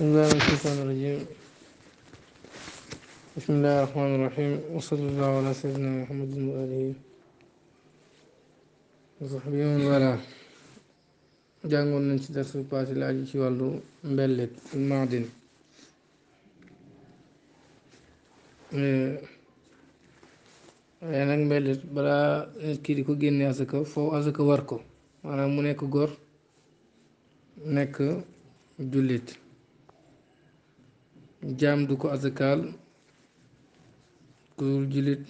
الله من الشيطان الرجيم بسم الله الرحمن الرحيم وصلى الله على سيدنا محمد وآله وصحبه ci dars bu passé laaj ci wàllu mbellit eh, nag mbellit balaa nit di ko génne asaka foo asaka war ko mu nekk góor nekk jullit jaam du ko azakaal ku dul jullit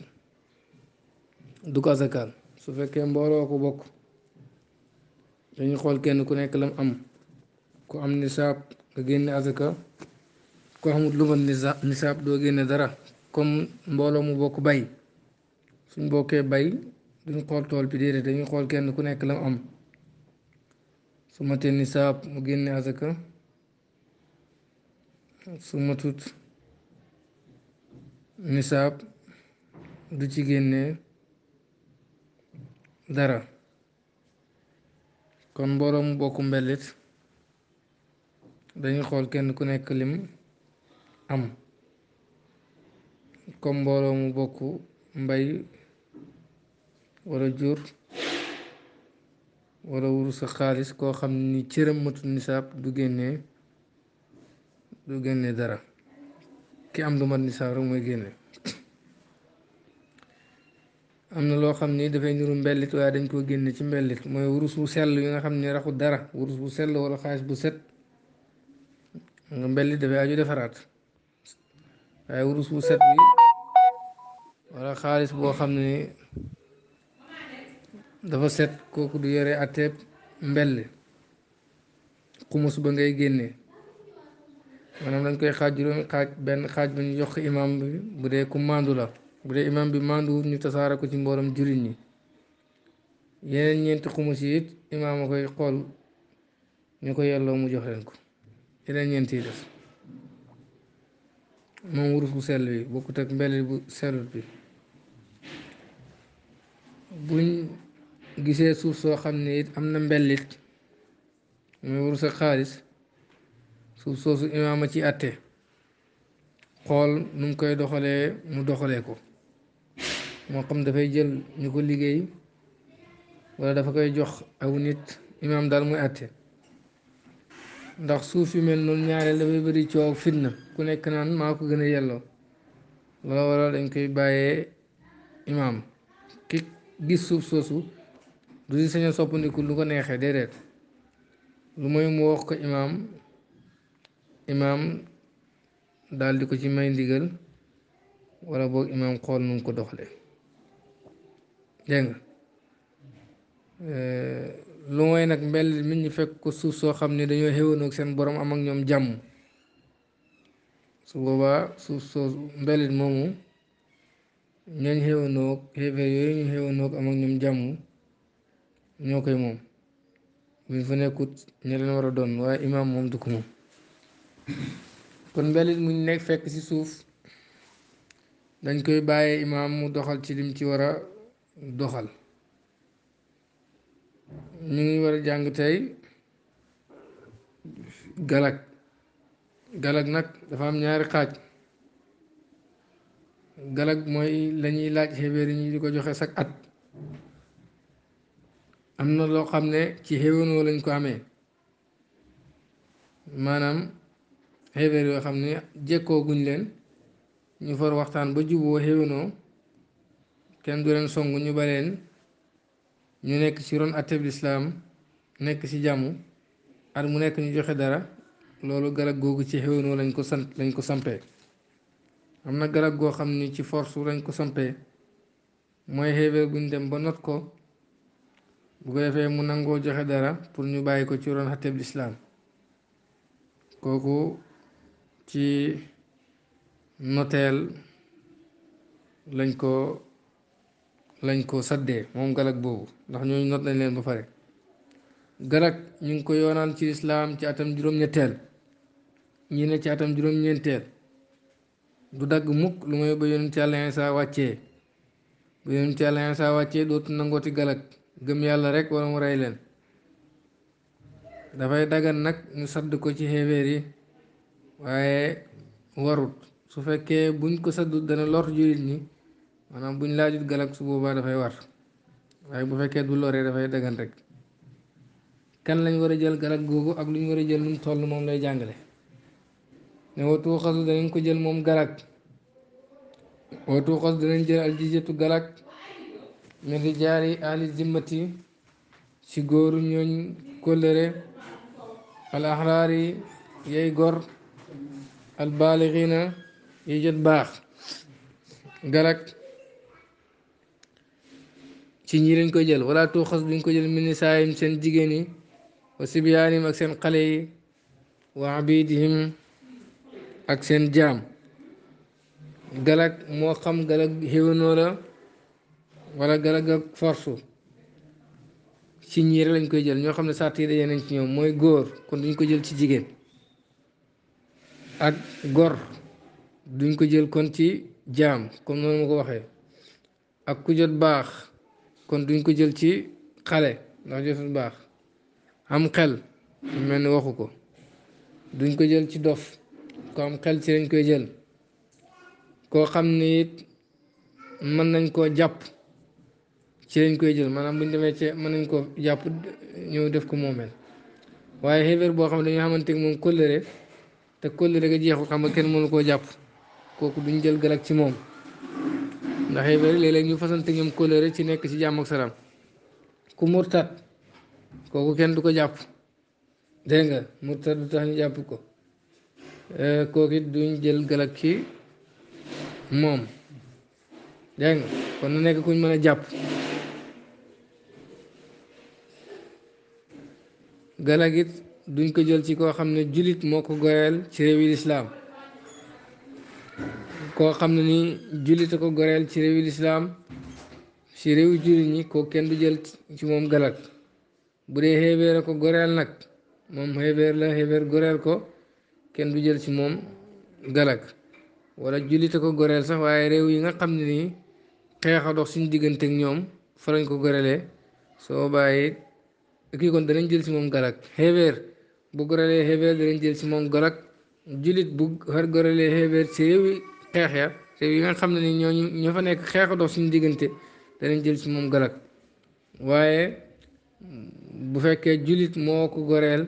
du ko azakaal su fekkee mbooloo ko bokk dañu xool kenn ku nekk lam am ku am nisaab nga génne azaka ku amut lu mat nisaab doo génne dara comme mbooloo mu bokk bay suñ bokkee bay duñ xool tool bi déedéet dañuy xool kenn ku nekk lam am su matee nisaab mu génne asaka su matut nisaab du ci génne dara kon mbooloo mu bokk mbellit dañuy xool kenn ku nekk lim am comme mbooloo mu bokk mbay wala jur wala wuru sa xaalis koo xam ni cëram matul nisaab du génnee du génne dara ki am du mat nisaab rek mooy génne am na loo xam ni dafay niru mbellit waaye dañ koo génne ci mbellit mooy wurus wu sell yi nga xam ne raxu dara wurus bu sell wala xaalis bu set nga mbellit dafay aju wurus wu set wala xaalis boo xam ne dafa set kooku du yore atteeb mbell xumus ba ngay génne manam dañ koy xaj juróomi xaj benn xaj bi ñu yokk imaam bi bu dee ku mandu la bu dee imaam bi mandu ñu tasaare ko ci mbooloom jurit ñi yeneen ñeenti xumus yi it imaam a koy xool ñu ko yelloo mu jox leen ko yeneen ñeenti yi des moom wurus bu sell bi bokkut ak mbelli bu sellut bi buñ gisee suuf soo xam ne it am na mbellit muy wurus ak xaalis suuf soosu imaama ci atte xool nu mu koy doxalee mu doxalee ko moo xam dafay jël ñu ko liggéey wala dafa koy jox aw nit imaam daal muy atte ndax suuf yu mel noonu ñaareel dafay bëri coow fitna ku nekk naan maa ko gën a yelloo loolu waral dañ koy bàyyee imaam ki gis suuf soosu du si sañ soppandiku lu ko neexee déedéet lu mooy mu wax ko imaam imaam daldi ko ci may ndigal wala boog imaam xool nu ko doxle dégg nga eh, lu mooy nag mbell mi ñu fekk ko suuf soo xam ne dañoo xéwanoog seen boroom am ak ñoom jàmm su boobaa suuf soo mbellit moomu ñooñ xéwanoog xéeféer yooyu ñu xéwanoog am ak ñoom jàmm ñoo koy moom buñ fa nekkut ña leen war a doon waaye imaam moom du ko moom kon mbelit mu nekk fekk ci suuf dañ koy bàyyee imaam mu doxal ci lim ci war a doxal mu ngi war a jàng tey galag galag nag dafa am ñaari xaaj galag mooy lañuy laaj xéwéer yi ñu di ko joxe sak at am na loo xam ne ci xéwénoo lañ ko amee maanaam xeebeer yoo xam ne jekkoo guñ leen ñu far waxtaan ba juboo xéwénoo kenn du leen song ñu ba leen ñu nekk ci ron atteb lislaam nekk ci jàmm at mu nekk ñu joxe dara loolu garab googu ci xéwénoo lañ ko sant lañ ko sampee am na garab goo xam ni ci force lañ ko sampee mooy xeebeer buñ dem ba not ko bu ko defee mu nangoo joxe dara pour ñu bàyyi ko ci ron atteb lislaam kooku ci noteel lañ ko lañ ko saddee moom galag boobu ndax ñooñu not nañ leen ba pare galag ñu ngi ko yoonaan ci lislaam ci atam juróom-ñetteel ñi ne ci atam juróom-ñeenteel du dagg mukk lu may ba yonent yàlla Iisaa wàccee ba yonent yàlla Iisaa wàccee dootu nangooti galag gëm yàlla rek wala mu rey leen dafay dagan nag ñu sadd ko ci xeeweer yi waaye warut su fekkee buñ ko saddut dana lor jullit ñi maanaam buñ laajut galak su boobaa dafay war waaye bu fekkee du loree dafay dagan rek kan lañ war a jël galak googu ak luñ war a jël nu mu moom lay jàngale ne danañ ko jël moom galak watu xasu danañ jël aljijatu galak min rijaali ahli zimmati ci góoru ñooñ kóllëre al ahraari yay gor البالغين يوجد baax galak ci ñi lañ ko jël wala tuuxas duñ ko jël min nisaayim seen jigéen yi wa sibiyaanim ak seen xale yi wa abidihim ak seen jaam galak moo xam galak xéwénoo la wala galak ak forsu ci ñi lañ koy jël ñoo xam ne sart yi dajee nañ ci ñoom mooy góor kon duñ ko jël ci jigéen ak gor duñ ko jël kon ci jaam comme noonu ma ko waxee ak ku jot baax kon duñ ko jël ci xale ndax jotul baax am xel mel ni waxu ko duñ ko jël ci dof ko am xel ci lañ koy jël koo xam ne it mën nañ koo jàpp ci lañ koy jël maanaam buñ demee ci mën nañ koo jàpp ñëw def ko moomeel waaye xéeféer boo xam ne dañoo xamante moom kóllëre te kóllëre ga jeexul xam nga kenn mënu koo jàpp kooku duñ jël galak ci moom ndax yu bëri léeg-léeg ñu fasante ñoom kóllëre ci nekk ci jàmm ak salaam ku murtat kooku kenn du ko jàpp dégg nga murtat du tax ñu jàpp ko kooku it duñ jël galak ci moom dégg nga kon na nekk kuñ mën a jàpp galak it duñ ko jël ci koo xam ne julit moo ko goreel ci réewi lislaam koo xam ne ni jullit a ko goreel ci réewi lislaam si réewi jullit ñi koo kenn du jël ci moom galat bu dee xeebeer a ko goreel nag moom xeebeer la xeebeer goreel ko kenn du jël ci moom galak wala jullit a ko goreel sax waaye réew yi nga xam ne ni xeex a dox suñ diggante ak ñoom fa lañ ko gorelee soo bàyyi kii kon danañ jël si moom galak xeebeer bu gorelee xeebeer danañ jël si moom golag jullit bu xar gorelee xeebeer si réewi xeex ya réew yi nga xam ne ni ñooñu ñoo fa nekk xeex dox suñu diggante danañ jël si moom golag waaye bu fekkee jullit moo ko goreel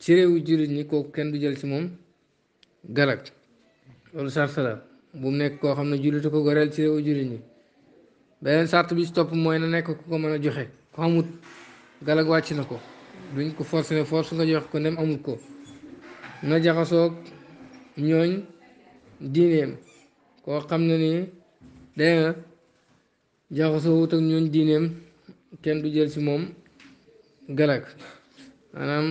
ci réewu jullit ñi kooku kenn du jël si moom golag loolu sart la bu mu nekk koo xam ne jullitu ko goreel ci réewu jullit ñi beneen sart bi si topp mooy na nekk ku ko mën a joxe ko xamut golag wàcc na ko duñ ko forcé force nga jox ko nem amul ko na jaxasoog ñooñ diineem koo xam ne ni dana jaxasoo wut ak ñooñ diineem kenn du jël ci moom galak maanaam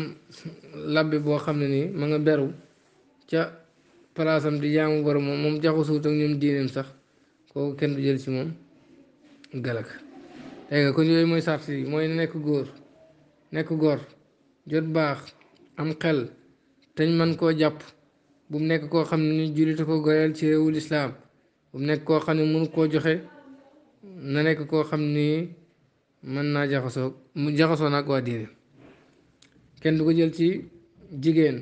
labbe boo xam ne nii ma nga beru ca palaasam di jaamu borom moom moom jaxasoo wut ak ñoom diineem sax kooku kenn du jël ci moom galak dégg nga kon yooyu mooy sart yi mooy nekk góor nekk góor jot baax am xel teñ man koo jàpp bu mu nekk koo xam ne ni jullit ko goreel ci réewu lislaam bu mu nekk koo xam ne mënu koo joxe na nekk koo xam ni mën naa jaxasoo mu jaxasoo nag ko diine kenn du ko jël ci jigéen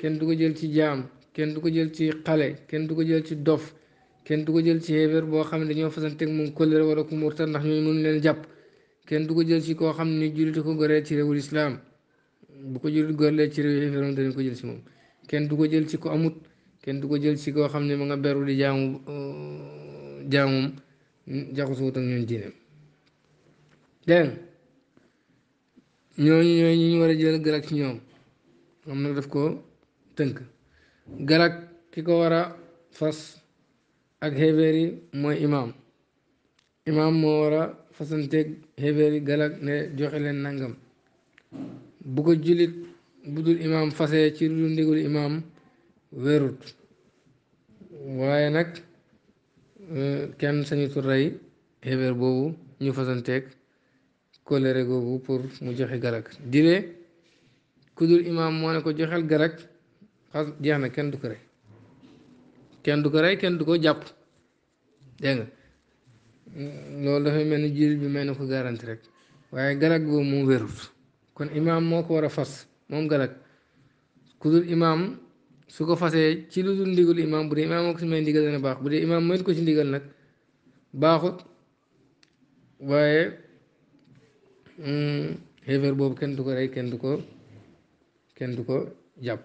kenn du ko jël ci jaam kenn du ko jël ci xale kenn du ko jël ci dof kenn du ko jël ci xeebeer boo xam ne dañoo fasanteeg moom kóllëre wala ku murta ndax ñooñu mënu leen jàpp kenn du ko jël ci koo xam ni jullit ko goree ci réewul islaam bu ko jullit gorlee ci réew yéeféeroon danañ ko jël ci moom kenn du ko jël ci ko amut kenn du ko jël ci koo xam ne ma nga beru di jaamu euh, jaamum jaxasuwut ak ñoom diine dégg ñooñu ñooñu ñu war a jël galak ci ñoom am na def ko tënk galak ki ko war a fas ak xeefeer mooy imaam imaam moo war fasante xéeféeri galak ne joxe leen nangam bu ko julit bu dul imaam fase ci lu ndigul imaam wérut waaye nag kenn sañu tu rey xéeféer boobu ñu fasanteeg kolere googu pour mu joxe galak dile ku dul imaam moo ne ko joxel galak xas jeex na kenn du ko rey kenn du ko rey kenn du ko jàpp dégg nga loolu dafay mel ni jiir bi may na ko garanti rek waaye galag boobu moom wérut kon imaam moo ko war a fas moom galag ku dul imaam su ko fasee ci lu dul ndigal imaam bu dee imaam moo ko si may baax bu dee imaam mayut ko ci ndigal nag baaxut waaye mm, xéeféer boobu kenn du ko rey kenn du ko kenn du ko jàpp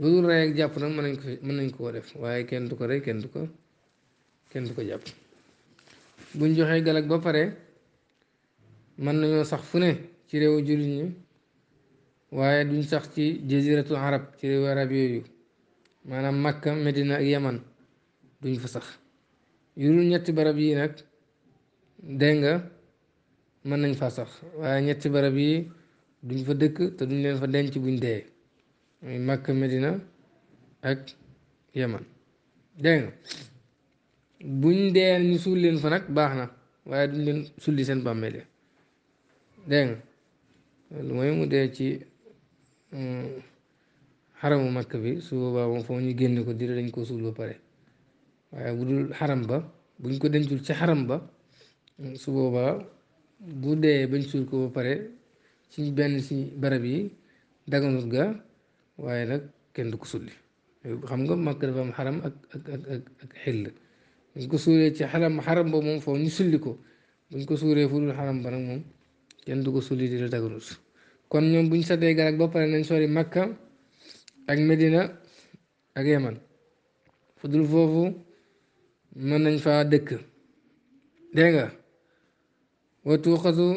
lu dul rey ak jàpp nag mën nañ ko mën nañ koo def waaye kenn du ko rey kenn du ko kenn du ko jàpp buñ joxee galag ba pare mën nañoo sax fu ne ci réewu jullit yi waaye duñ sax ci jaziratul arab ci réewu arab yooyu maanaam Makka Medina ak Yaman duñ fa sax yu ñetti barab yi nag dégg nga mën nañ fa sax waaye ñetti barab yi duñ fa dëkk te duñ leen fa denc buñ dee muy Makka Medina ak Yaman dégg buñ dee ñu suul leen fa nag baax na waaye duñ leen sulli seen bàmmee yi dégg nga lu mooy mu dee ci mm, xaramu makk bi su boobaa moom foo ñu génn ko dire dañ koo suul ba pare waaye bu dul xaram ba buñ ko dencul ci xaram ba mm, su boobaa bu dee bañ suul ko ba pare ci benn ci barab yi daganut ga waaye nag kenn du ko sulli xam nga makk dafa am xaram ak ak ak ak xel buñ ko suuree ci xaram xaram ba moom foofu ñu sulli ko bu buñ ko suuree fu dul xaram ba nag moom kenn du ko sulli di la daganut kon ñoom buñ saddee garab ba pare nañ sori Makka ak Medina ak Yaman fu dul foofu mën nañ faa dëkk dégg nga watu xasu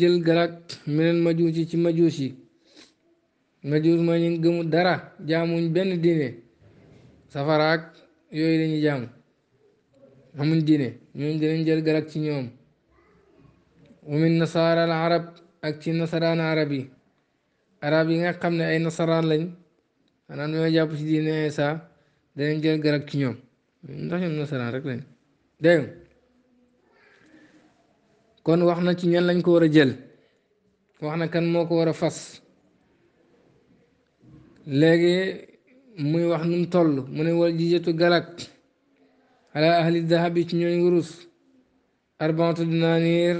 jël garab meneen majuus yi ci majuus yi majuus mooy ñu gëmu dara jaamuñ benn diine safaraak yooyu lañuy jaamu amuñ diine ñooñ dinañ jël galag ci ñoom wamin nasaara arab ak ci nasaraan arab yi arab yi nga xam ne ay nasaraan lañ xanaa ñoo jàpp ci diine Isa danañ jël galag ci ñoom ndax ñoom nasaraan wax na ci ñan lañ ko war a jël wax na kan moo ko war a fas léegi muy wax nu toll mu ne wal jijetu galag على أهل الذهب اثنين قروس أربعة دنانير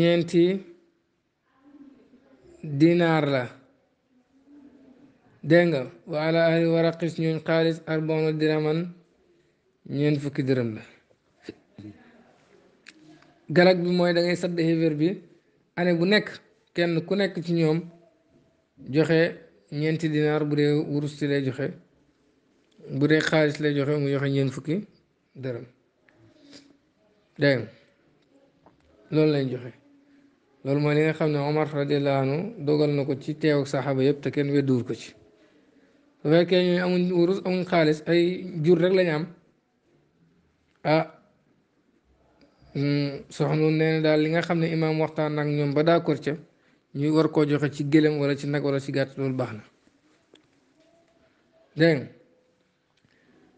نينتي دينار لا دينغا وعلى أهل الورق اثنين قارس أربعة درهم نينفك درهم لا galak bi mooy da ngay sa behavior bi ane bu nekk kenn ku nekk ci ñoom joxe ñeenti dinaar bu dee wurus ci lay joxe bu dee xaalis lay joxe mu joxe ñeent fukki dërëm dégg loolu lañ joxe loolu mooy li nga xam ne Omar radiyallahu anhu dogal na ko ci teew ak saxaaba yëpp te kenn wedduwul ko ci su fekkee ñooñu amuñ wurus xaalis ay jur rek lañ am ah hmm, soxna nee na daal li nga xam ne imaam waxtaan ak ñoom ba d'accord ca ñuy war koo joxe ci gëlëm wala ci nag wala ci gàtt loolu baax na dégg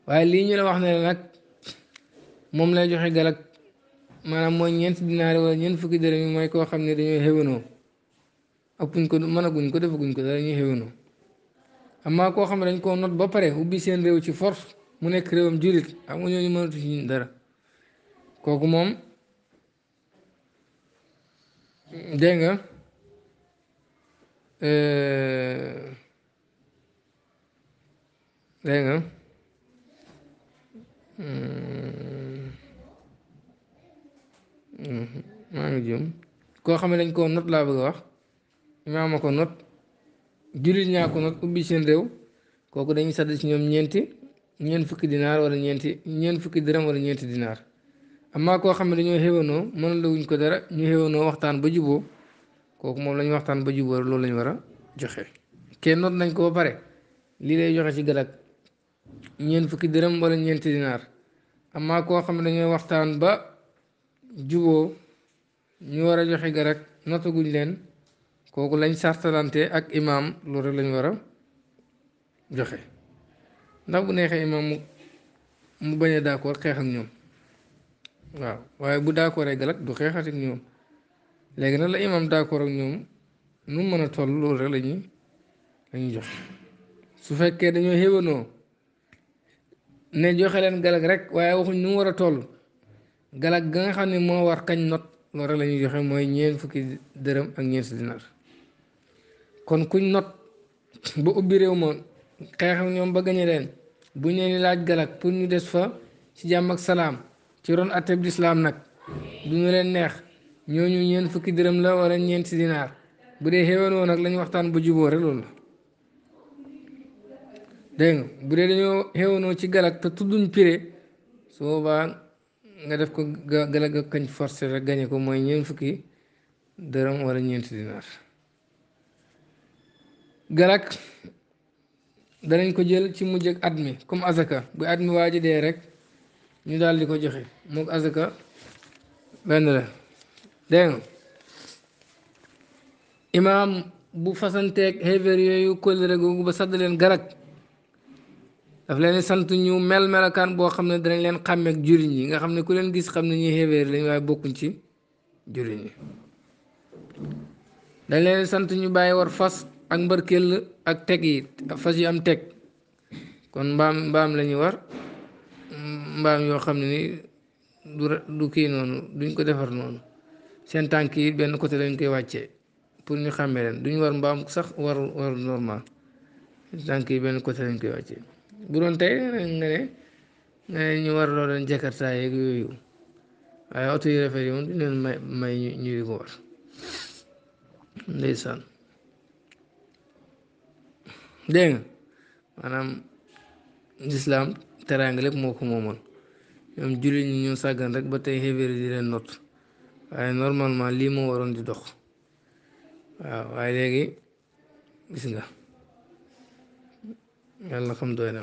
waaye lii ñu la wax ne nag moom lay joxe galak maanaam mooy ñeent dinaari wala ñeent fukki dërëm mooy koo xam ne dañoo xéwanoo ëppuñ ko mënaguñ ko defaguñ ko dañuy xéwanoo amaa koo xam ne dañ koo not ba pare ubbi seen réew ci force mu nekk réewam jullit xam ah, nga ñooñu mënatu ci dara kooku moom dégg nga euh, dégg Hmm. Hmm. maa ngi jëm koo xam ne dañ koo not laa bëgg a wax imaama ko not jullit ñaa ko not ubbi seen réew kooku dañuy sadd ci ñoom ñeenti ñeent fukki dinaar wala ñeenti ñeent fukki dërëm wala ñeenti dinaar amaa koo xam ne dañoo xéwanoo mën la wuñ ko dara ñu xéwanoo waxtaan ba juboo kooku moom la ñu waxtaan ba juboo loolu la ñu war a joxe kenn not nañ koo ba pare lii lay joxe ci galag ñeent fukki dërëm wala ñeenti dinaar amaa koo xam ne dañoo waxtaan ba juboo ñu war a joxe ga rek notaguñ leen kooku lañ sartalante ak imaam loolu rek lañ war a joxe ndax bu neexee imaam mu mu bañ d'accord xeex ak ñoom waaw waaye bu d'accord rek galak du xeexat ak ñoom léegi nag la imaam d'accord ak ñoom nu mën a toll loolu rek lañuy lañuy joxe su fekkee dañoo xéwanoo ne joxe leen galag rek waaye waxuñ nu mu war a toll galag ga nga xam ne moo war kañ not loolu lañuy joxe mooy ñeen fukki dërëm ak ñeent dinar kon kuñ not ba ubbi réew ma xeexam ñoom ba gañe leen buñ leen laaj galag pour ñu des fa ci jàmm ak salaam ci ron atteb lislaam nag du ñu leen neex ñooñu ñeen fukki dërëm la wala ñeenti dinaar bu dee xéwén woon nag lañ waxtaan ba jubóo rek loolu la dégg nga bu dee dañoo xewoonoo ci galak te tudduñ pire su boobaa nga def ko galak ga kañ forcé rek gañe ko mooy ñeent fukki dërëm wala ñeenti dinaar galak danañ ko jël ci mujj ak at mi comme azaka bu at mi dee rek ñu daal di ko joxe moog azaka benn la dégg imaam bu fasanteeg xever yooyu kóllëre googu ba sadd leen garak daf leen sant ñu mel melakaan boo xam ne danañ leen xàmmeek juriñ yi nga xam ne ku leen gis xam ne ñuy xéwéer lañ waaye bokkuñ ci juriñ yi dañ leen sant ñu bàyyi war fas ak mbërkëll ak teg yi fas yu am teg kon mbaam mbaam lañuy war mbaam yoo xam ne ni du du kii noonu duñ ko defar noonu seen tànk yi benn côté lañ koy wàcce pour ñu xàmmee leen duñ war mbaam sax war war normal seen tànk yi benn côté lañ koy wàccee bu doon tey nga ne nga ne ñu war loo leen jakarta yeeg yooyu waaye oto yi moom du leen may ñu di ko war ndeysaan dégg nga maanaam lislaam teraanga lépp moo ko moomoon ñoom jullit ñi ñoo sàggan rek ba tey xéeféeri di leen not waaye normalement lii moo waroon di dox waaw waaye léegi gis nga yàlla xam doy na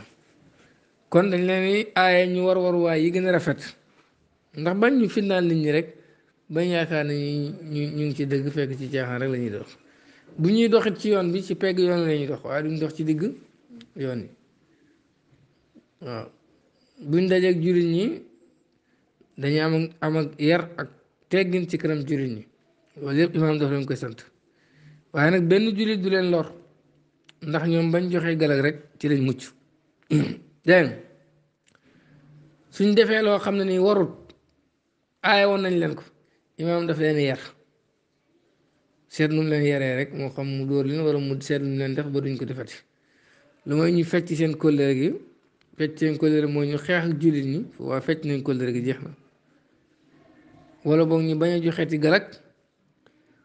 kon dañ leen ni ñu war war waay yi gën a rafet ndax bañ ñu fitnaal nit ñi rek bañ yaakaar ne ñu ñu ngi ci dëgg fekk ci caaxaan rek lañuy ñuy dox bu ñuy doxit ci yoon bi ci pegg yoon la ñuy dox waaye duñ dox ci digg yoon yi waaw buñ dajeeg jullit ñi dañuy am am ak yar ak teggin ci kanam jullit ñi loolu yëpp imaam daf leen koy sant waaye nag benn jullit du leen lor. ndax ñoom bañ joxee galag rek ci lañ mucc dégg suñ defee loo xam ne nii warut aaye woon nañ leen ko imaam daf leen yar seet nu mu leen yaree rek moo xam mu dóor leen wala mu seet mu leen def ba duñ ko defati lu mooy ñu fecc seen kóllëre gi fecc seen kóllëre moo ñu xeex ak jullit ñi waa fecc nañ kóllëre gi jeex na wala boog ñu bañ a joxeeti galag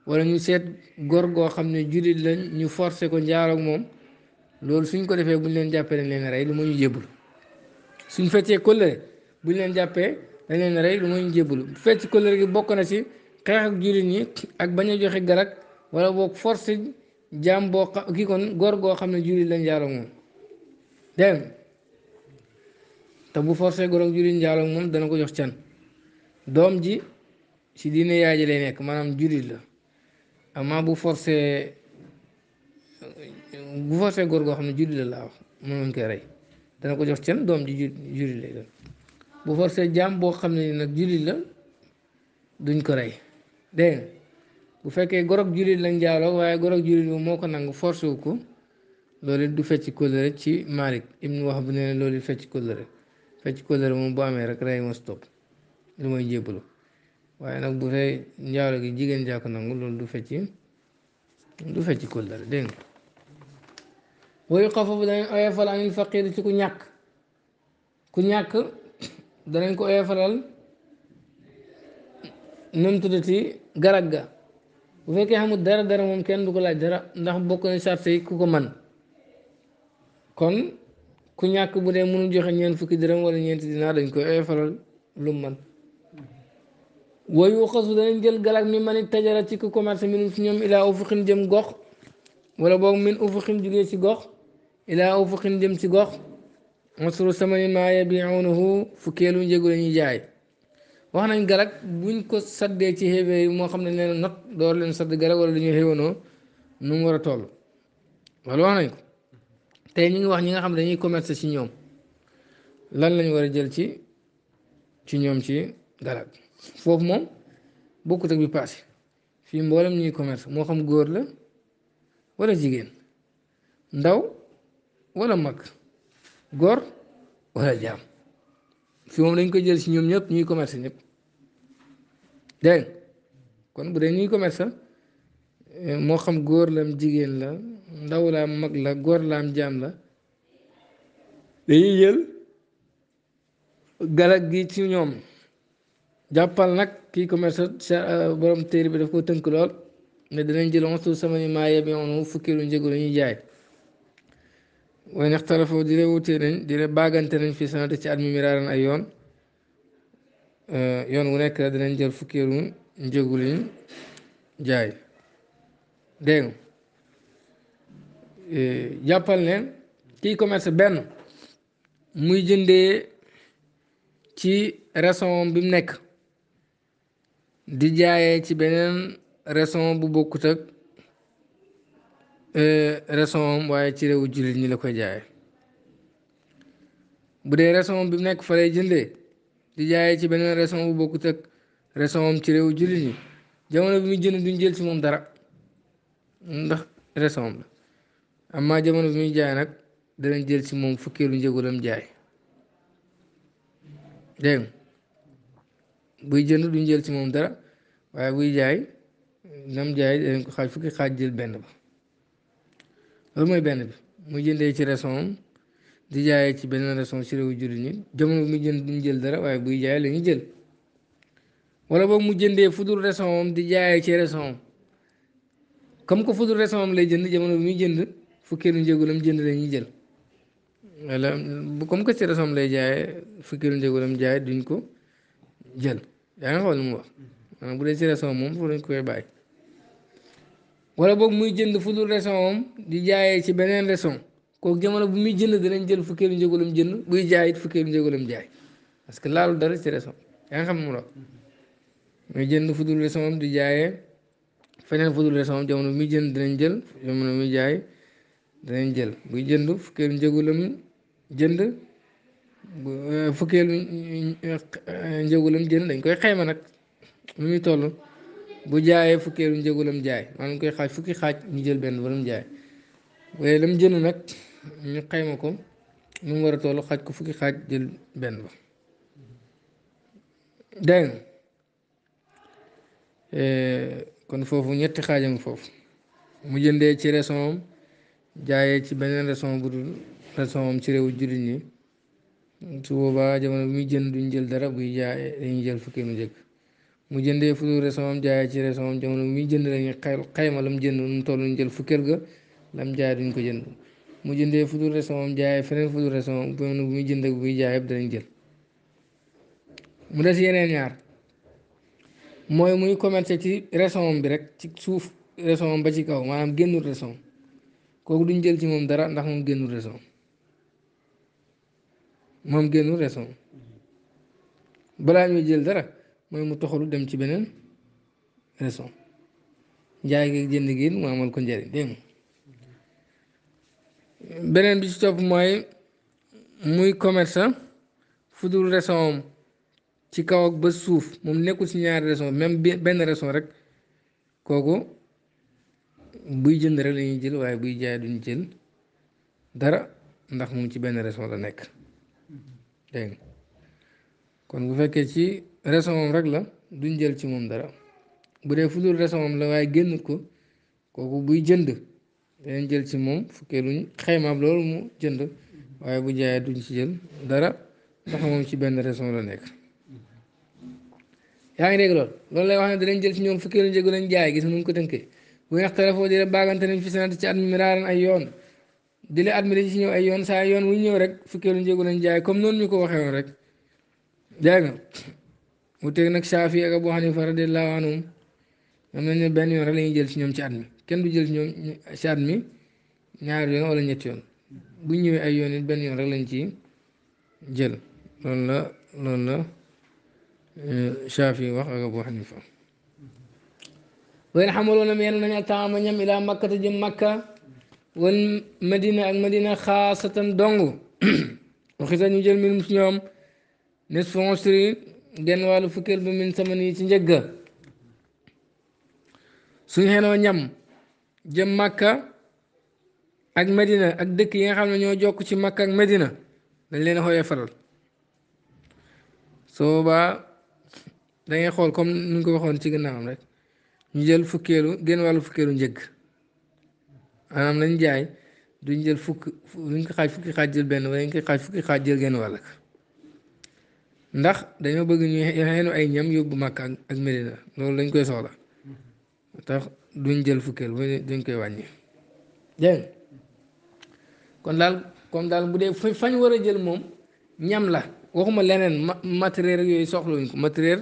wala ñu seet góor goo xam ne jullit lañ ñu forcé ko njaaroog moom loolu suñ ko defee buñ leen jàppee dañ leen rey lu ma ñu jébbalu suñ feccee kóllëre buñ leen jàppee dañ leen rey lu ma ñu jébbalu bu fecc kóllëre gi bokk na ci xeex jullit ñi ak bañ a joxe garag wala boog forcé jaam boo xam kii kon góor goo xam ne jullit lañ njaaroog moom dégg te bu forcé góor ak jullit njaaroog moom dana ko jox can doom ji ci diine yaay ji lay nekk maanaam jullit la. amaa bu forcé bu forcé góor goo xam ne julli la la wax mënoon koy rey dana ko jox cen doom ji julli lay doon bu forcé jaam boo xam ne nag julli la duñ ko rey dégg nga bu fekkee gorog jullit lañ jaaloo waaye gorog jullit bu moo ko nangu forcé wu ko loolu du fecci kóllëre ci Malik ibnu wax bu ne loolu fecc kóllëre fecc kóllëre moom bu amee rek rey ma stop lu may jébbalu waaye nag bu fee njaalo gi jigéen jàkk nangu loolu du fecci du fecci kóllëre dégg nga woyu xafafu danañ oyofal anil faqir ku ñàkk ku ñàkk danañ ko oyofalal num ci garab ga bu fekkee xamul dara dara moom kenn du ko laaj dara ndax bokk na sart yi ku ko man kon ku ñàkk bu dee mënu joxe ñeent fukki dërëm wala ñeenti dinaa dañ koy oyofalal lu man wayu xasu danañ jël galak mi man it tajara ci ku commerce min si ñoom ilaa ufuqin jëm gox wala boog min ufuqin jugee ci gox ilaa ufuqin jëm ci gox masru samani maa yabiunahu fukkeelu njëgu la ñuy jaay wax nañ galak buñ ko saddee ci xéwee moo xam ne leen not door leen sadd galak wala dañuy xéwanoo nu mu war a toll loolu wax nañ ko tey ñu ngi wax ñi nga xam ne dañuy commerce ci ñoom lan lañ war a jël ci ci ñoom ci galak foofu moom bokkut ak bi paase fii mboolem ñuy commerce moo xam góor la walla jigéen ndaw walla mag góor wala jaam fi moom dañ koy jël si ñoom ñëpp ñuy commerce ñëpp dégg kon bu dee ñuy commerce eh, moo xam góor la am jigéen la ndaw la am mag la góor la am jaam la dañuy jël galag gi ci ñoom. jàppal nag kii commerce euh, borom téere bi daf ko tënk lool ne dinañ jël on suuf sama ni maa yebee on fukki lu njëgu la di la nañ di la baagante nañ fii sanate ci at mi ay yoon euh, yoon wu nekk dinañ jël fukki lu njëgu la euh, jàppal ne kii commerce benn muy jëndee ci raison bi mu nekk. di jaaye ci beneen reson bu bokkut ak euh, raison waaye ci réewu jullit ñi la koy jaayee bu dee raison bi nekk fa lay di jaayee ci beneen reson bu bokkut reson ci réewu jullit ñi jamono bi muy jënd duñ jël ci moom dara ndax raison am la amma jamono bi muy jaay nag danañ jël ci moom fukkeelu njëgu lam jaay dégg buy jënd duñ jël ci moom dara waaye buy jaay nam jaay dañ ko xaaj fukki xaaj jël benn ba loolu mooy benn bi muy jëndee ci raison di jaayee ci benn raison ci réewu jullit ñi jamono jël dara waaye buy jaay la ñu jël mu jëndee fudul raison di jaayee ci raison comme que fudul raison lay jënd jamono bi muy jënd fukkeelu njëgu lam jënd la ñuy jël wala comme que ci raison lay jaay fukkeelu njëgu lam jaay duñ ko jël. yaa ngi xool lu mu wax moom lañ koy bàyyi wala boog muy jënd fu dul raison moom di jaayee ci beneen raison kooku jamono bu muy jënd danañ jël fukkeelu njëgalam jënd buy jaay it fukkeelu njëgalam jaay parce que laalu dara ci raison yaa mm-hmm. muy jënd fu dul raison moom di jaayee feneen fu dul raison bu muy jënd danañ jël jamono muy jaay danañ jël buy jënd fukkeelu njëgalam jënd. E, fukkeelu e, njëgu lam jën dañ koy xayma nag mu muy toll bu jaayee fukkeelu njëgu lam jaay maanaam koy xaaj fukki xaaj ñu jël benn balam jaay waaye lam jënd nag ñu xayma ko nu mu war a toll xaaj ko fukki xaaj jël benn ba dégg e, kon foofu ñetti xaajam foofu mu jëndee ci raison jaayee ci beneen raison bu dul raison ci réewu jullit yi su boobaa jamono bi muy jënd duñ jël dara buy jaay dañuy jël fukki mu njëkk mu jëndee fu resomam ci resomam jamono bi muy jënd dañuy xayma lam jënd nu toll ñu jël fukkeel ga lam jaay duñ ko jënd mu jëndee fu dul resomam jaayee feneen fu mu resomam bu muy jënd ak buy jaay yëpp danañ jël mu des yeneen ñaar mooy muy commercer ci resomam bi rek ci suuf resomam ba ci kaw maanaam génnul resom kooku duñ jël ci moom dara ndax moom génnul resom moom génnul reson balaa ñuy jël dara mooy mu toxalu dem ci beneen raison njaay gi jënd gi mu amal ko njëriñ dégg beneen bi ci topp mooy muy commerçant fu dul raison ci kaw ba suuf moom nekkul ci ñaari raison même benn raison rek kooku buy jënd rek la jël waaye buy jaay duñ jël dara ndax moom ci benn raison la nekk. dégg kon bu fekkee ci raison rek la duñ jël ci moom dara bu dee fulul raison la waaye génn ko kooku buy jënd danañ jël ci moom fukkee luñ xaymaab loolu mu jënd waaye bu jaayee duñ ci jël dara ndax moom ci benn raison la nekk yaa ngi dégg lool loolu lay wax ne danañ jël ci ñoom fukkee lu njëgu lañ jaay gis nu ko tënkee bu yaxtalafoo di la baagante nañ fi sanat ci at miraaran ay yoon di la ci ñëw ay yoon saa yoon wu ñu ñëw rek fukkeelu njëgu lañ jaay comme noonu ñu ko waxee woon rek jaay ma wuteeg nag Saafi ak benn yoon rek la jël ci ñoom ci mi kenn du jël ci ñoom mi ñaari yoon wala yoon bu ñëwee ay yoon benn yoon rek lañ ci jël loolu la xamaloon na yenn nañu ataama ñam ilaa makkata jëm makka. wal madina ak madina xaasatan dong waxisa ñu jël min si ñoom nes fonsri genn wàllu fukkeel ba min saman yi ci njëgga suñ xenoo ñam jëm màkka ak madina ak dëkk yi nga xam ne ñoo jokk ci màkka ak madina dañ leen xooyee faral soo baa da ngay xool comme nuñ ko waxoon ci am rek ñu jël fukkeelu genn wàllu fukkeelu njëgg maanaam lañ jaay duñ jël fukk duñ ko xaaj fukki xaaj jël benn wala ñu koy xaaj xaaj jël genn wàll ndax dañoo bëgg ñu xeenu ay ñam yóbbu Makka ak Medina loolu dañ koy soxla tax duñ jël fukkeel dañ koy wàññi dégg kon daal comme daal bu dee fañ war a jël moom ñam la waxuma leneen matériel yooyu soxlawuñ ko matériel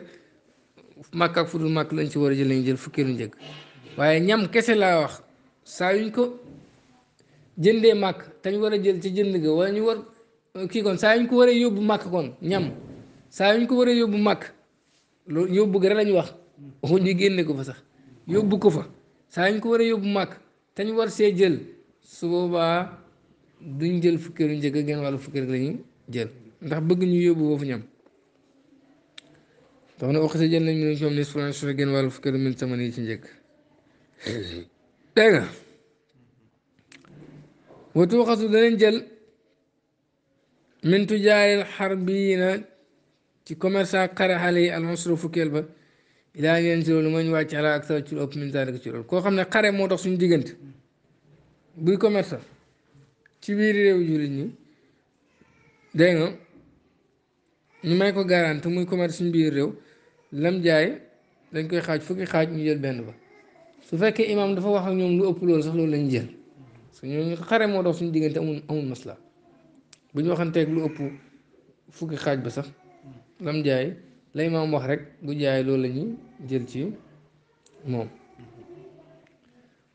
Makka ak fudul Makka lañ ci war a jël lañ jël fukkeelu njëkk waaye ñam kese laa wax saa yuñ ko jëndee màkk te war a jël ci jënd ga wala ñu war kii kon saa yuñ ko waree yóbbu màkk kon ñam saa yuñ ko war yóbbu màkk loolu yóbbu ga lañ wax waxuñ ñu génne ko fa sax yóbbu ko fa saa yuñ ko war a yóbbu màkk te ñu war see jël su boobaa duñ jël fukkeelu njëkk a genn wàllu fukkeel la ñu jël ndax bëgg ñu yóbbu foofu ñam tax na waxi nañ ñu ne ñoom genn wàllu fukkeelu min sama nii ci njëkk. دعا وتوقظ الرجل من تجار الحربين تكما ساقر علي المصروف كلبا إلى أن ينزل لمن يواجه على أكثر تلوب من ذلك تلوب كو خمنا قرى موضوع سن ديغنت بي كوميرسا تبير ريو جولي ني دعنا نمائي كو غاران تموي كوميرسا بير ريو لم جاي لن كو يخاج فوكي خاج نجل بين بقى su fekkee imaam dafa wax ak ñoom lu ëpp loolu sax loolu lañu jël su ñooñu xare moo dox suñu diggante amul amul masla bu ñu waxanteeg lu ëpp xaaj ba sax lam jaay la imaam wax rek bu jaay loolu la ñuy jël ci moom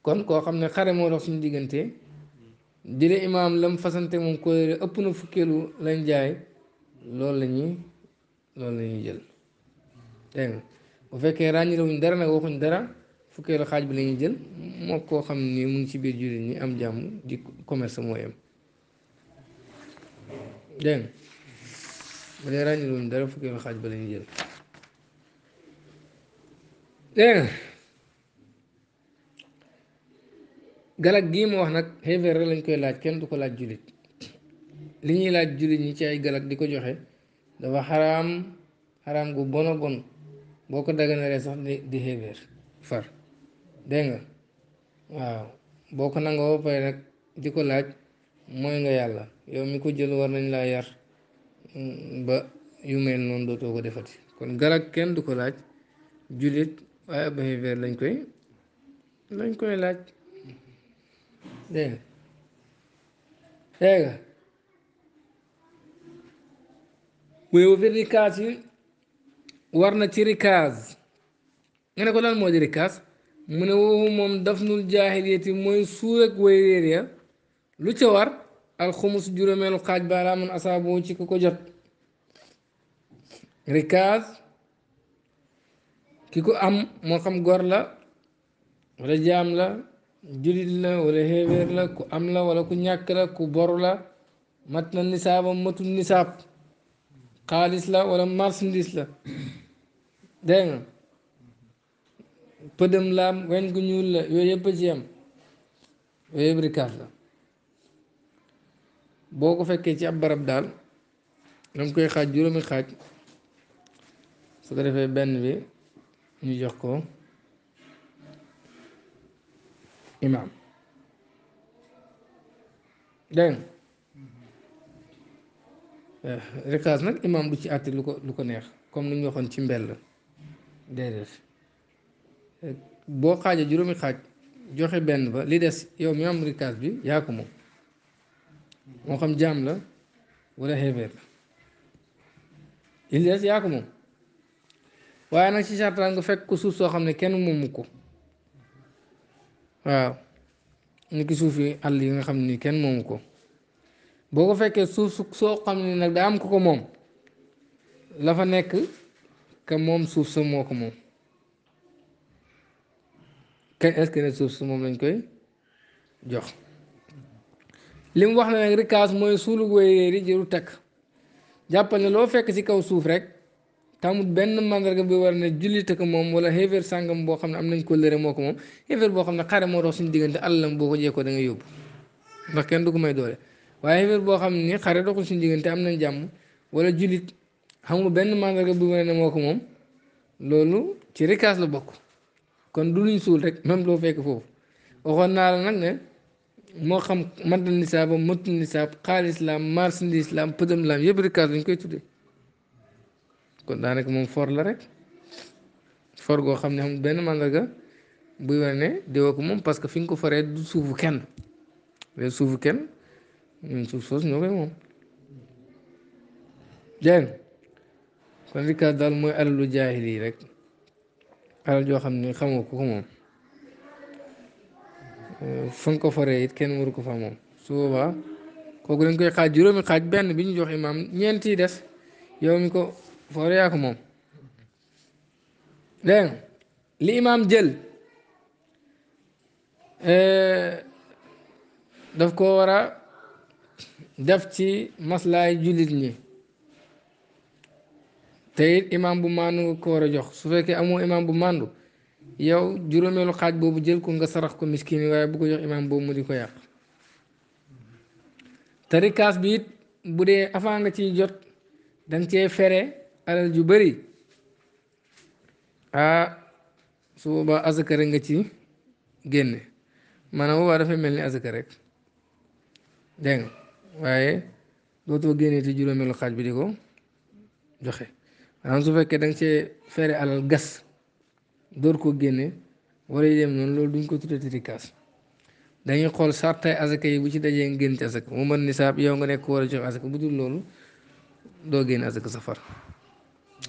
kon koo xam ne xare moo dox suñu diggante jële imaam lam fasante moom koy ëpp na fukkeelu lañ jaay loolu la ñuy loolu la ñuy jël dégg nga bu fekkee ràññilewuñ dara nag waxuñ dara fukkeelu xaaj bi la ñuy jël moo koo xam ni mu ngi ci biir jullit ñi am jàmm di commerce moo yem dégg nga bu dee ràññil wuñ dara fukkeelu xaaj ba la ñuy jël dégg nga gii ma wax nag xeefeer rek lañ koy laaj kenn du ko laaj jullit li ñuy laaj jullit ñi ci ay galak di ko joxe dafa xaraam xaraam gu bon a bon boo ko daganalee sax di di far dégg nga waaw boo ko nangoo ba pare nag di ko laaj mooy nga yàlla yow mi ko jël war nañ laa yar mm, ba yu mel noonu dootoo ko defati kon garab kenn du ko laaj jullit waaye ab lañ koy lañ koy laaj dégg fi rikaas yi war na ci rikaas nga ne ko lan moo di rikaas mu ne woowu moom dafnul jaahiliyati mooy suul ak way réer ya lu ca war alxumus juróomeelu xaaj ba alaa man asaabu ci ku ko jot rikaas ki ko am moo xam gor la wala jaam la julit la wala xéewéer la ku am la wala ku ñàkk la ku bor la mat na nisaabam matul nisaab xaalis la wala marchandise la dégg pëdëm laam weñ gu ñuul la yooyu yëpp ci yam yooyu yëpp rikaas la boo ko fekkee ci ab barab daal danga koy xaaj juróomi xaaj su ko defee benn bi ñu jox ko imaam dégg eh, rikaas nag imaam du ci àtte lu ko lu ko neex comme lu ñu waxoon ci mbell déedéet boo xaajee juróomi xaaj joxe benn ba li des yow mi am rikaas bi yaa ko moom moo xam jaam la wala xeefeer li des yaa ko moom waaye nag ci sartaan nga fekk ko suuf soo xam ne kenn moomu ko waaw ni ki suuf yi àll yi nga xam ni kenn moomu ko boo ko fekkee suuf soo xam ne nag daa am ko ko moom la fa nekk ka moom suuf sa moo ko moom est-ce que ne suuf su moom lañ koy jox li mu wax na nag rikaas mooy suulu wéy yi jëru takk ne loo fekk ci kaw suuf rek tamut benn mandarga bi war ne jullite ko moom wala xéeféer sàngam boo xam ne am nañ ko lëre moo ko moom xéeféer boo xam ne xare moo dox suñu diggante àllam boo ko jekkoo da nga yóbbu ndax kenn du ko may doole waaye xéeféer boo xam ni xare doxul suñu diggante am nañ jàmm wala jullit xamul benn mandarga bi war ne moo ko moom loolu ci rikaas la bokk kon du luñ suul rek même loo fekk foofu waxoon naa la nag ne moo xam madda nisaab ba mëtt nisaab xaalis laam marchandise laam pëdëm laam yëpp rikaas lañ koy tuddee kon daanaka moom for la rek for goo xam ne amul benn màndarga buy wane ne diwa ko moom parce que fi nga ko faree du suufu kenn du suufu kenn suuf soos ñoo koy moom jàng kon rikaas daal mooy alalu jaahil yi rek alal joo xam ne xamoo ko ko moom euh, fa nga ko foree it kenn waru ko fa moom su boobaa kooku dañ koy xaaj juróomi xaaj benn bi ñu jox imaam ñeenti des yow mi ko foree yaa ko moom dégg li imaam jël euh, daf ko war a def ci maslaay jullit ñi te it imaam bu maandu nga ko war a jox su fekkee amoo imaam bu maandu yow juróomeelu xaaj boobu jël ko nga sarax ko miskin waaye bu ko jox imaam boobu mu di ko yàq tarikaas bi it bu dee avant nga ci jot da nga cee fere alal ju bëri ah su boobaa azaka rek nga ci génne maanaam boobaa dafay mel ni azaka rek dégg nga waaye dootoo génnee ci juróomeelu xaaj bi di ko joxe maanaam su fekkee da nga cee fere alal gas door koo génne wala yéem noonu loolu duñ ko tuddee rikaas dañuy xool sartay asaka yi bu ci dajee nga génn ci asaka mu mën nisaab yow nga nekk war a jox asaka bu dul loolu doo génn asaka safar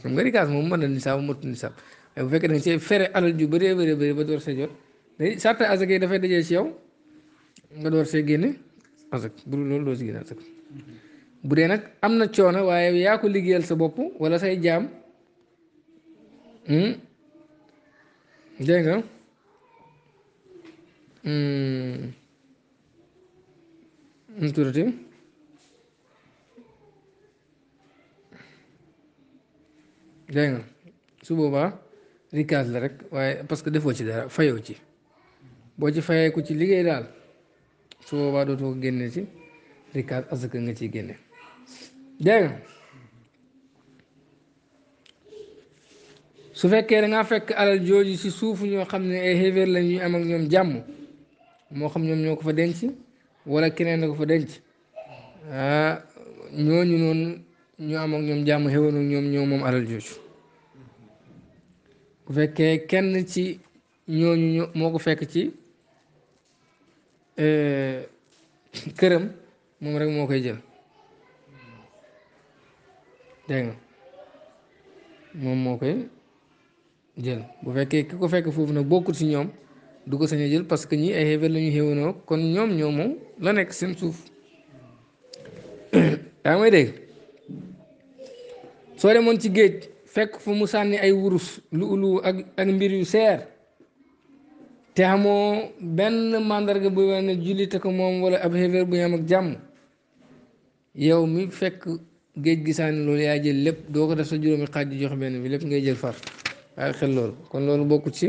xam nga rikaas moom mën na nisaab mu motu nisaab waaye bu fekkee da nga cee fere alal ju bëree bëri bëri ba door see jot day sartay asaka dafay dajee ci yow nga door see génne asaka bu loolu doo si génne asaka bu dee nag am na coono waaye yaa ko liggéeyal sa bopp wala say jaam hmm? dégg nga hmm. mu tuddati dégg nga su boobaa rikaas la rek waaye parce que defoo ci dara fayoo ci boo ci fayee ku ci liggéey daal su boobaa dootoo ko génne ci rikaas asaka nga ciy génne dégg su fekkee dangaa fekk alal jooju ci suuf ñoo xam ne ay xéeféer la ñuy am ñoom jàmm moo xam ñoom ñoo ko fa denc wala keneen na ko fa denc ah ñooñu noonu ñoo am ñoom jàmm xéwoon ak ñoom ñoo moom alal jooju bu fekkee kenn ci ñooñu moo ko fekk ci eh, këram moom rek moo koy jël. dégg nga moom moo koy jël bu fekkee ki ko fekk foofu nag bokkut ci ñoom du ko sañ jël parce que ñi ay xéewal lañu ñu xéewanoo kon ñoom ñoo la nekk seen suuf daa may dégg soo demoon ci géej fekk fa mu sànni ay wurus lu ulu ak mbir yu seer te amoo benn màndarga bu wane jullit ko moom wala ab xéewal bu yam ak jàmm yow mi fekk géej gi sànni loolu yaay jël lépp doo ko def sa juróomi xaaj di jox benn bi lépp ngay jël far waaye xel loolu kon loolu bokkut ci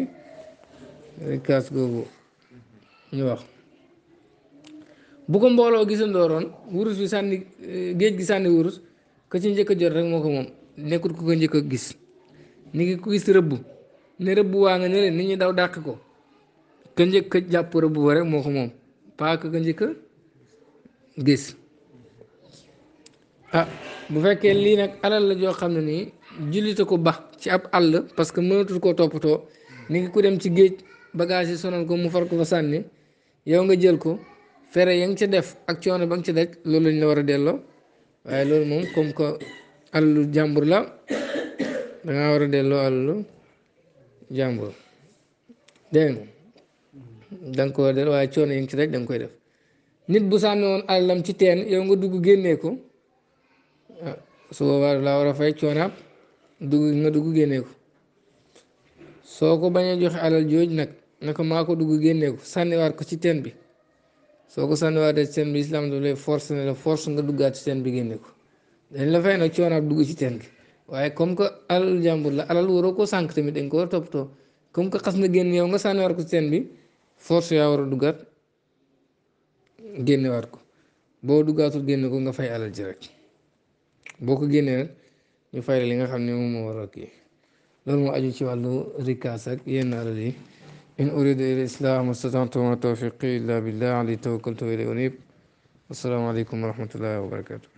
kaas googu wax bu ko mbooloo gisandooroon wurus bi sànni géej gi sànni wurus ko ci njëkka a jot rek moo ko moom nekkut ku ko njëkk a gis ni ngi ku gis rëbb ne rëbb waa nga ne leen nit ñi daw dàq ko ka njëkk a jàpp rëbb ba rek moo ko moom paaka ka njëkk gis ah bu fekkee lii nag alal la joo xam ne nii jullite ko ba ci ab àll parce que mënatul koo toppatoo ni ngi ku dem ci géej bagage yi ko mu far ko fa sànni yow nga jël ko fere ya nga ca def ak coono ba nga ci daj loolu lañ la war a delloo waaye loolu moom comme jàmbur la da ngaa war a delloo alalu jàmbur dégg nga da waaye coono ya nga ci daj da koy def nit bu sànni woon alalam ci teen yow nga dugg génnee ko. su boobaa laa war a fay coonaam dugg nga dugg génnee ko soo ko bañee joxe alal jooj nag na ko maa ko dugg génnee ko sànniwaat ko ci teen bi soo ko sànniwaatee ci teen bi islam daf nga duggaat ci bi génne ko dañ la fay nag coonaam dugg ci teen bi waaye comme que alal jàmbur la alal waroo koo sànq tamit dañ ko war a toppatoo comme que xas na génn yow nga sànniwaat ko ci teen bi force yaa war a duggaat génnewaat ko boo duggaatul génn ko nga fay alal ji rek. boo ko génnee ñu fay li nga xam ne moom moo war a moo aju ci wàllu rikaas ak yenn alal yi in uridu ila islam mastata'tu ma tawfiqi illa billah alayhi tawakkaltu wa ilayhi unib asalaamaaleykum wa rahmatullahi